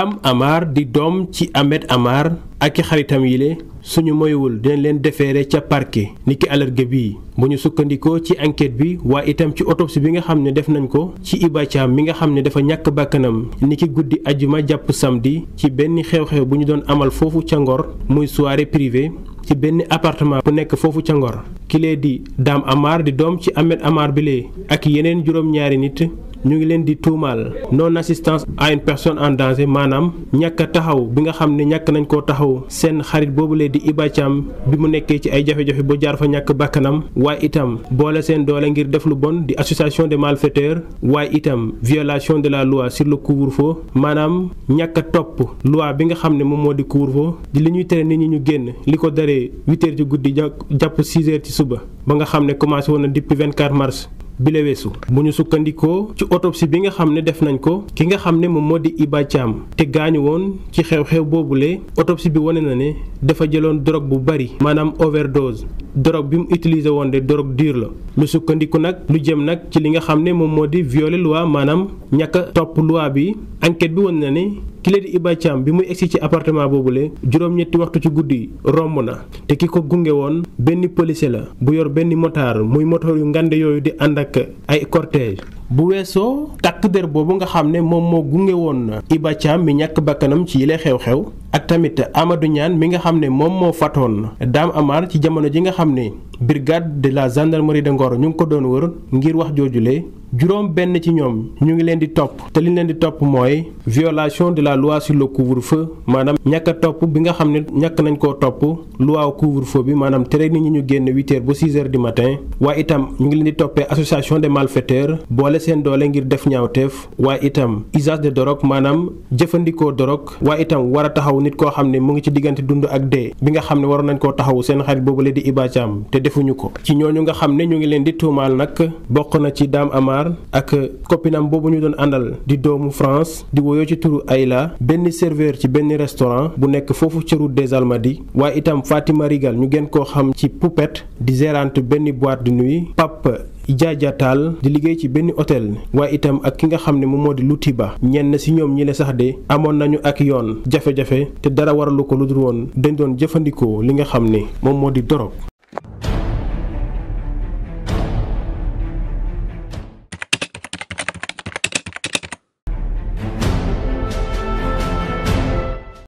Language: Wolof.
Lam Amar di doom ci Ahmed Amar ak i xaritam yile suñu moywul dinañ leen defeere ca ni ki alarge bi bu ñu sukkandikoo ci enquête bi waa itam ci autopsie bi nga xam ne def nañ ko ci Iba Thiam nga xam ne dafa ñàkk bàkkanam ni ki guddi ajuma jàpp samedi ci benn xew-xew bu ñu doon amal foofu ca Ngor muy soirée privée ci benn appartement bu nekk foofu ca Ngor kilee di Dame Amar di doom ci Ahmed Amar bile ak yeneen juróom-ñaari nit ñu ngi leen di tuumaal non assistance à une personne en danger maanaam ñàkk taxaw bi nga xam ne ñàkk nañ koo taxaw seen xarit boobu lee di Iba Thiam bi mu nekkee ci ay jafe-jafe ba jaar fa ñàkk bàkkanam waaye itam boole seen doole ngir def lu bon di association des malfaiteurs waaye itam violation de la loi sur le couvre maanaam ñàkk topp loi bi nga xam ne moom moo di couvre di li ñuy tere nit ñi ñu génn li ko daree 8 heures ci guddi jàpp 6 ci suba ba nga xam ne commencé woon na depuis 24 mars bi weesu bu ñu sukkandikoo ci autopsie bi nga xam ne def nañ ko ki nga xam ne moom moo di Iba te gaañu woon ci xew-xew boobu boobule autopsie bi wane na ne dafa jëloon drogue bu bari maanaam overdose drogue bi mu utiliser woon de drogue dure la lu sukkandiku nag lu jëm nag ci li nga xam ne moom moo di violer loi maanaam ñàkk topp loi bi enquête bi wane na ne kile di Iba bi mu egsi ci boobu boobule juróom-ñetti waxtu ci guddi romb na te ki ko gunge woon benn policier la bu yor benn motard muy motor yu ngande yooyu di ànd ak ay cortège bu weesoo takk der boobu nga xam ne moom moo gunge woon Iba Thiam mi ñàkk bakkanam ci yile xew-xew ak tamit amadu ñaan mi nga xam ne moom moo fatoon Dame Amar ci jamono ji nga xam ne birgate de la gendarmerie de ngoro ñu ngi ko doon wër ngir wax joojule juróom benn ci ñoom ñu ngi leen di topp te li leen di topp mooy violation de la loi sur le couvre-feu maanaam ñàkk topp bi nga xam ne ñàkk nañ koo topp loi couvre-feu bi maanaam tere nit ñi ñu génn 8 heures ba 6 heures itam ñu ngi leen di toppee association des malfaiteurs boole boole seen doole ngir def ñaawteef waaye itam usage de dorog maanaam jëfandikoo dorog waaye itam war a taxaw nit koo xam ne mu ngi ci diggante dund ak dee bi nga xam ne waroon nañ koo taxawu seen xarit boobule di Iba te defuñu ko ci ñooñu nga xam ne ñu ngi leen di tuumaal nag bokk na ci Dame Amar ak copinam boobu ñu doon àndal di doomu France di woyoo ci turu Ayla benn serveur ci benn restaurant bu nekk foofu ci route des Almadies waaye itam Fatima Rigal ñu gën koo xam ci Poupette di benn boîte de nuit jaajataal di liggéey ci benn hôtel waaye itam ak ki nga xam ne moom moo di luti ba ñenn si ñoom ñi le sax de amoon nañu ak yoon jafe-jafe te dara waralu ko lu dul woon dañ doon jëfandikoo li nga xam ne moom moo di dorog